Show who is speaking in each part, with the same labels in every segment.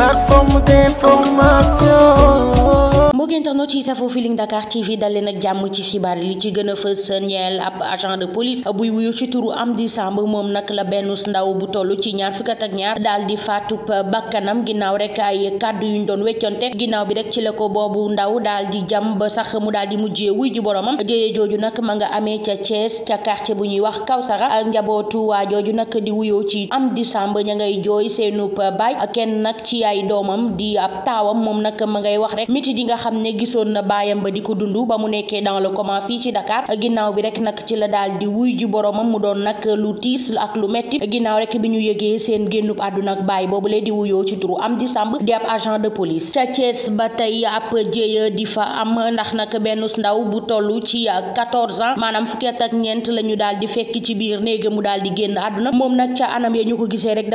Speaker 1: plateforme d'information. mbokk internet yi safoo Feeling Dakar dalee nag jàmm ci xibaar li ci gën a fës ñeel ab agent de police buy wuyu ci turu am di Samb moom nag la benn ndaw bu tollu ci ñaar fukk ak ñaar daal di faatu bakkanam ginnaaw rek ay kàddu yuñ doon wecconte ginnaaw bi rek ci la ko boobu ndaw daal di jam ba sax mu daal di mujjee wuy ji boromam jëye jooju nag ma nga amee ca Thiès ca quartier bu ñuy wax Kawsara ak njabootu waa jooju nag di wuyoo ci Amdy Samb ña ay doomam di ab taawam moom nag ma ngay wax rek miti di nga xam ne gisoon na baayam ba di ko dund ba mu nekkee dans le coma fii ci Dakar ginnaaw bi nag ci la daal di wuy ji boromam mu doon nag lu tiis ak lu metti ginnaaw rek bi ñu yëgee seen génnub àdduna ak baay boobu lee di wuyoo ci turu Amdy Samb di ab agent de police ca Thiès ba tey ab jéeya di fa am ndax nag benn ndaw bu toll ci quatorze ans maanaam fukki at ak ñeent la ñu daal di fekk ci biir néeg mu daal di génn àdduna moom nag anam ñu ko gisee rek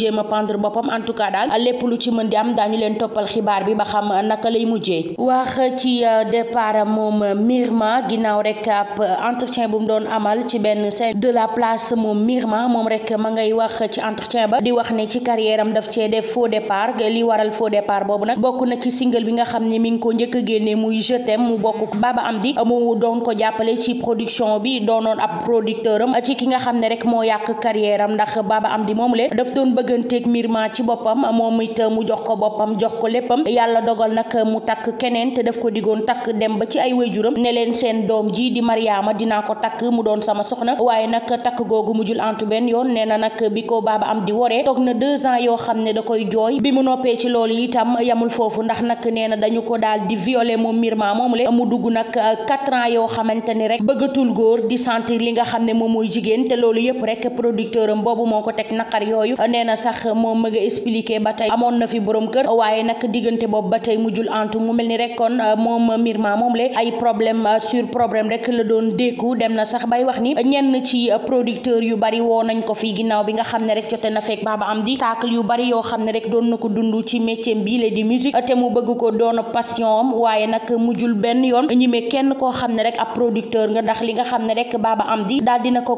Speaker 1: jéem a pendre boppam en tout cas daal lépp lu ci mën di am daañu leen toppal xibaar bi ba xam euh, naka lay mujjee wax euh, ci euh, départ moom Mirma ginnaaw rek ab entretien bu mu doon amal ci benn site de la place moom Mirma moom rek ma ngay wax ci entretien ba di wax ne ci carrière am daf cee def faux départ li waral faux boobu nag bokk na ci single bi nga xam ne mi ngi ko njëkk génne muy Je t'aime mu bokk Baba Amdi mu doon ko jàppale ci production bi doonoon ab producteur am ci ki nga xam ne rek moo yàq carrière am ndax Baba Amdi moom le daf doon bëgg bëgganteeg Myrma ci boppam moom it mu jox ko boppam jox ko léppam yàlla dogal nag mu takk keneen te daf ko digoon takk dem ba ci ay waajuram ne leen seen doom ji di Mariama dinaa ko takk mu doon sama soxna waaye nag takk googu jul antu benn yoon nee na nag bi ko baaba am di woree toog na deux ans yoo xam ne da koy jooy bi mu noppee ci loolu itam yamul foofu ndax nag nee na dañu ko daal di violer moom Myrma moom le mu dugg nag quatre ans yoo xamante ni rek bëggatul góor di sentir li nga xam ne moom mooy jigéen loolu yëpp rek producteur na sax moom mëgg a expliqué ba tey amoon na fi borom kër waaye nag diggante boobu ba tey mujjul antu mu mel ni rek kon euh, moom Myrma moom le ay problème euh, sur la doon dékku dem na sax bay wax ni ñenn ci euh, producteur yu bari woo nañ ko fii ginnaaw bi nga xam ne rek jote na fekk Baba Amdy tacle yu bari yoo xam ne rek doon na ko dund ci métier bi la di musique te mu bëgg ko doon passion am waaye nag mujjul benn yoon ñime kenn koo xam ne rek ab producteur nga ndax li nga xam ne rek Baba Amdy daal dina ko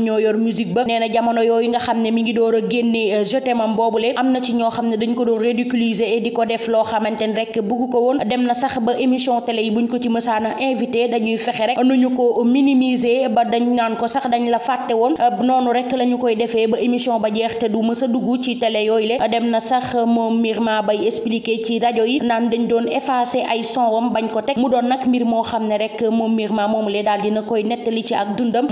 Speaker 1: ñoom ñoo yor musique ba nee na yooyu nga xam ne mi ngi door a génne euh, je t'aime am am na ci ñoo xam ne dañ ko doon ridiculiser et di ko def loo xamante ni rek bugg ko woon dem na sax ba émission télé yi buñ ko ci mësaana invité dañuy fexe rek nu ñu ko minimiser ba dañ naan ko sax dañ la fàtte woon euh, noonu rek la ñu koy defee ba émission ba jeex te du mës a dugg ci télé yooyu le dem na sax moom miir Myrma Bay expliqué ci rajo yi naan dañ doon effacer ay sonwam bañ ko teg mu doon nag mbir moo xam ne rek moom miir Myrma moomu le daal dina koy nettali ci ak dundam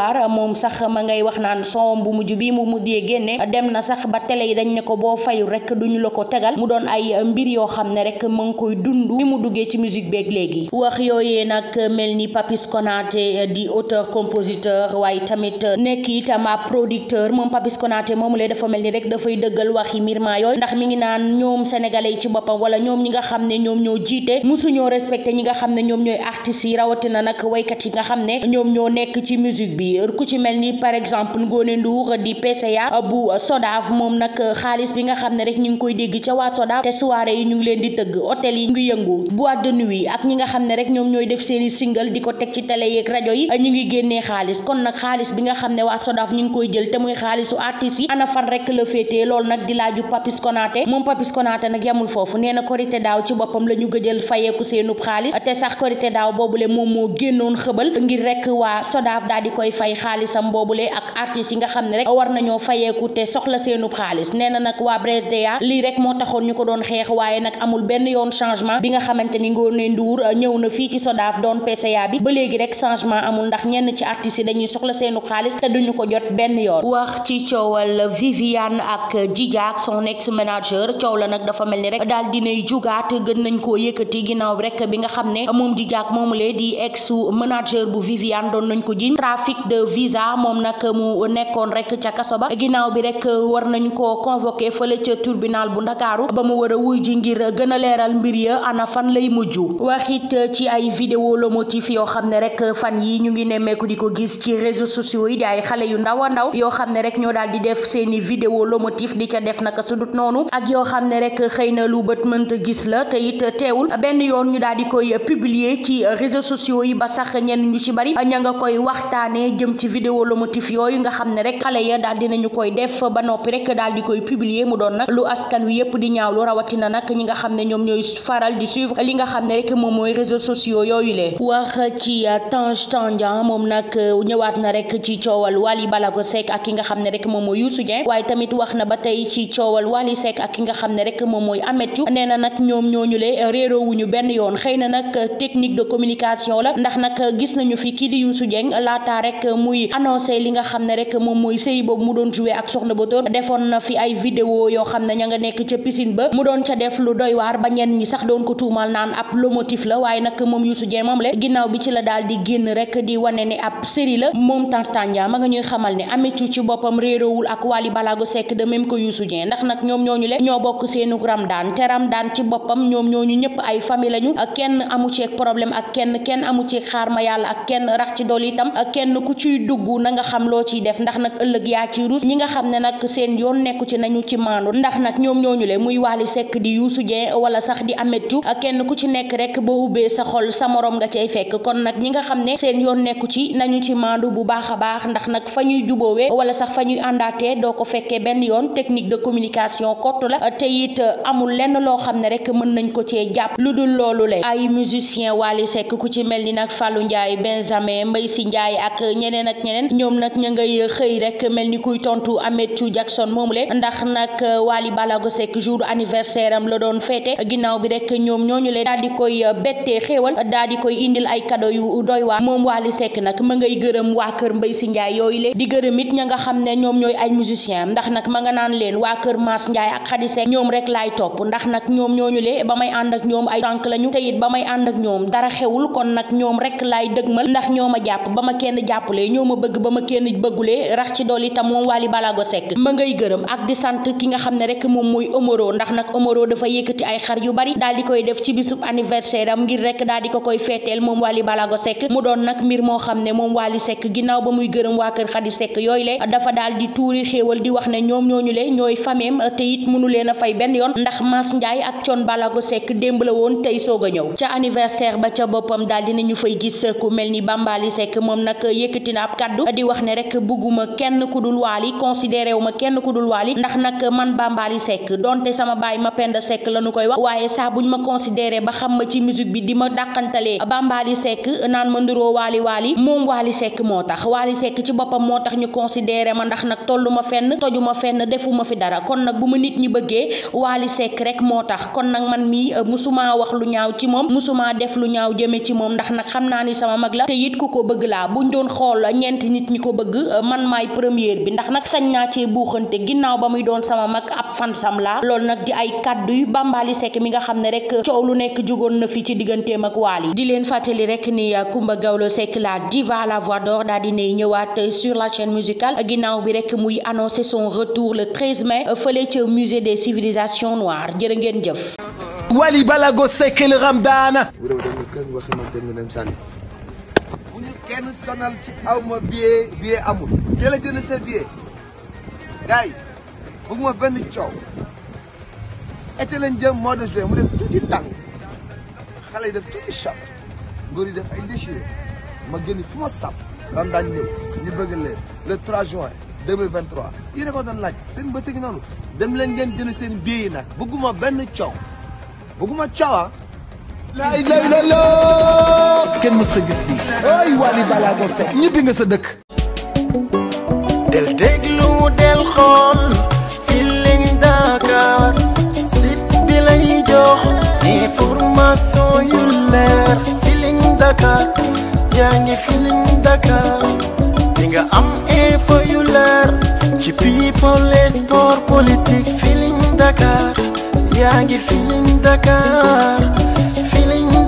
Speaker 1: waar moom sax ma ngay wax naan son bu mujj bi mu mujjee génne dem na sax ba télé yi dañ ne ko boo fayu rek duñu la ko tegal mu doon ay mbir yoo xam ne rek ma ngi koy dund bi mu duggee ci musique beeg léegi wax yooyee nag mel ni Papis Konaté di auteur compositeur waaye tamit nekk itam ab producteur moom Papis Konaté moomu lay dafa mel ni rek dafay dëggal waxi Mirma yooyu ndax mi ngi naan ñoom sénégalais yi ci boppam wala ñoom ñi nga xam ne ñoom ñoo jiite musuñoo respecté ñi nga xam ne ñoom ñooy artistes yi rawatina nag waykat yi nga xam ne ñoom ñoo nekk ci musique bi biir ku ci mel ni par exemple Ngone Ndour di PCA bu SODAV moom nag xaalis bi nga xam ne rek ñu ngi koy dégg ca waa SODAV yi ñu leen di tëgg hôtel yi ngi yëngu boîte de nuit ak ñoom ñooy def seeni single di ko teg ci télé yeeg rajo yi ñu ngi génnee xaalis kon nag xaalis bi nga xam ne waa SODAV ñu ngi koy jël te muy xaalisu artistes yi ana fan rek la féetee loolu nag di laaju Papis Konaté moom Papis Konaté nag yamul foofu nee na korité daaw ci boppam la ñu gëjal fayeeku seenub xaalis te sax korité daaw boobule moom moo génnoon xëbal ngir rek fay xaalisam boobule ak artistes yi nga xam ne rek war nañoo fayeeku te soxla seenub xaalis nee na nag waa Bresdeya lii rek moo taxoon ñu ko doon xeex waaye nag amul benn yoon changement bi nga xamante ni Ngoné Ndour uh, ñëw na fii ci Sodaaf doon PCA bi ba léegi rek changement amul ndax ñenn ci artistes yi dañuy soxla seenub xaalis te duñu ko jot benn yoon wax ci coowal Viviane ak Djidiack son ex manager coow la nag dafa mel ni rek daal dinay jugaat gën nañ koo yëkkati ginnaaw bi rek bi nga xam ne moom Djidiack moomulee di ex manager bu Viviane doon nañ ko de visa moom nag mu nekkoon rek ca kaso ba ginnaaw bi rek war nañu ko convoqué fële ca turbinal bu ndakaaru ba mu war a wuy ji ngir gën a leeral mbir ya ana fan lay mujj waxit ci ay vidéo lomotif yoo xam ne rek fan yi ñu ngi nemmeeku di ko gis ci réseaux sociaux yi xale yu ndaw a ndaw yoo xam ne rek ñoo daal di def seeni vidéo lomotif di ca def naka sudut noonu ak yoo xam ne rek xëy na lu bët mënta gis la te it teewul benn yoon ñu daal di koy publier ci réseaux sociaux yi ba sax ñenn ñu ci bari ña nga koy waxtaane jëm ci vidéo lomotif yooyu nga xam ne rek xale ya daal dinañu koy def ba noppi rek daal di koy publier mu doon nag lu askan wi yëpp di ñaawlu rawatina nag ñi nga xam ne ñoom ñooy faral di suivre li nga xam ne moom mooy réseaux sociaux yooyu le wax ci Tange Tandian moom nag ñëwaat na rek ci coowal Wally Balago Seck ak ki nga xam ne rek moom mooy Youssou Dieng waaye tamit wax na ba tey ci coowal Wally Seck ak ki nga xam ne rek moom mooy Ameth Thiou nee na nag ñoom ñooñu le réeroowuñu benn yoon xëy na nag technique de communication la ndax nag gis nañu fi kii di Youssou Dieng laata rek muy annoncé li nga xam ne rek moom mooy sëy boobu mu doon joué ak soxna Bator defoon na fi ay vidéo yoo xam ne ña nga nekk ca piscine ba mu doon ca def lu doy waar ba ñenn ñi sax doon ko tuumal naan ab lomotif la waaye nag moom Youssou Dieng moom le ginnaaw bi ci la daal di génn rek di wane ne ab la moom Tantandia ma nga ñuy xamal ne Ameth ci boppam réeroowul ak Wally Balago sekk de ko que Youssou Dieng ndax nag ñoom ñoo ñu le ñoo bokk seenu Ramdaan te daan ci boppam ñoom ñooñu ñëpp ay famille lañu kenn amu ceeg problème ak kenn amu ceeg xaar ma ak kenn rax ci dool itam kenn ciy dugg na nga xam loo ciy def ndax nag ëllëg yaa ci rus ñi nga xam ne nag seen yoon nekku ci nañu ci maandu ndax nag ñoom ñooñu le muy Wally Seck di Youssou Dieng wala sax di Ameth Diouf kenn ku ci nekk rek boo ubbee sa xol sa morom nga cay fekk kon nag ñi nga xam ne seen yoon nekku ci nañu ci maandu bu baax a baax ndax nag fa ñuy juboowee wala sax fa ñuy àndaatee doo ko fekkee benn yoon technique de communication kott la te it amul lenn loo xam ne rek mën nañ ko cee jàpp lu dul loolu le ay musicien Wally Seck mel ni nag Fallou Ndiaye ñeneen ak ñeneen ñoom nag ña ngay xëy rek mel ni kuy tontu Amethou Jackson moomule ndax nag Wally Ballago Seck jour anniversaire am la doon féete ginnaaw bi rek ñoom ñooñu leen daal di koy bettee xéewal daal di koy indil ay cadeau yu doy waar moom Wally Seck nag ma gërëm waa kër Mbaye Sy yooyu le di gërëm it ña nga xam ne ñoom ñooy ay musicien ndax nag ma nga naan leen waa kër Mass Ndiaye ak Khady Seck ñoom rek laay topp ndax nag ñoom ñooñu lee ba may ànd ak ñoom ay tànk lañu te it ba may ànd ak ñoom dara xewul kon nag ñoom rek laay dëgmal ndax ñoom a jàpp ba ma kenn jàpp jàppale ñoo ma bëgg ba ma kenn bëggulee rax ci dool itam moom Wally Balago Seck ki nga xam ne rek moom mooy Omoro ndax nag Omoro dafa yëkkati ay xar yu bari daal di koy def ci bisub anniversaire am ngir rek daal di ko koy feeteel moom Wally Balago Seck mu doon nag mbir moo xam ne moom Wally Seck ginnaaw ba muy gërëm waa kër Khady Seck yooyu le dafa daal di tuuri xéewal wax ne ñoom ñooñu le ñooy fameem te it mënu leen a fay benn yoon ndax Mass Ndiaye ak Thione Balago Seck démb la woon tey soog a ñëw ca anniversaire ba ca boppam daal dinañu fay gis ku mel yëkkati na ab kaddu di wax ne rek bugguma kenn ku dul waali considéré wu ma kenn ku dul waali ndax nag man bambaali sekk donte sama baay ma penda sekk la nu koy wax waaye saa buñ ma considéré ba xam ma ci musique bi di ma dàqantalee bambaali sekk naan ma nduroo waali waali moom waali sekk moo tax waali sekk ci boppam moo tax ñu considéré ma ndax nag tollu ma fenn toju ma fenn defu fi dara kon nag bu ma nit ñi bëggee waali sekk rek moo tax kon nag man mii euh, musuma wax lu ñaaw ci moom musuma def lu ñaaw jëme ci moom ndax nag xam naa ni sama mag la te ku ko bëgg laa buñ doon xool xool ñeenti nit ñi ko bëgg euh, man maay première bi ndax nag sañ naa cee buuxante ginnaaw ba muy doon sama mag ab fansam la lool nag di ay kàddu yu Bambaly Seck mi nga xam ne rek coow lu nekk jugoon na fi ci digganteem ak Wally di leen fàttali rek ni euh, Coumba Gawlo Seck la diva la voix d'or daal di nay ñëwaat euh, sur la chaîne musicale ginnaaw bi rek muy annoncé son retour le 13 mai fële ca musée des civilisations noires jërë ngeen jëf. Wally Balago Seck le Ramdaan. kenn sonal ci aw ma billet billet amul jëla jënd sa billet gars yi bëgguma benn coow été lañ jëm mois de juin mu def tuuti tàng xale yi def tuuti choc góor yi def ay déchiré ma génn fu ma sàpp daan daan ñëw ñu bëgg leen le 3 juin 2023 yéen a ko doon laaj seen bëccëg noonu dem leen ngeen jënd seen billet yi nag bëgguma benn coow bëgguma coow ah. laa ilaaha illallaah kenn mës ta gis nii ay Wally Ballago Seck ñibbi nga sa dëkk del déglu del xool Feeling Dakar site bi lay jox information yu leer Feeling Dakar yaa ngi Feeling Dakar di nga am info yu leer ci people et sport politique Feeling Dakar yaa ngi Feeling Dakar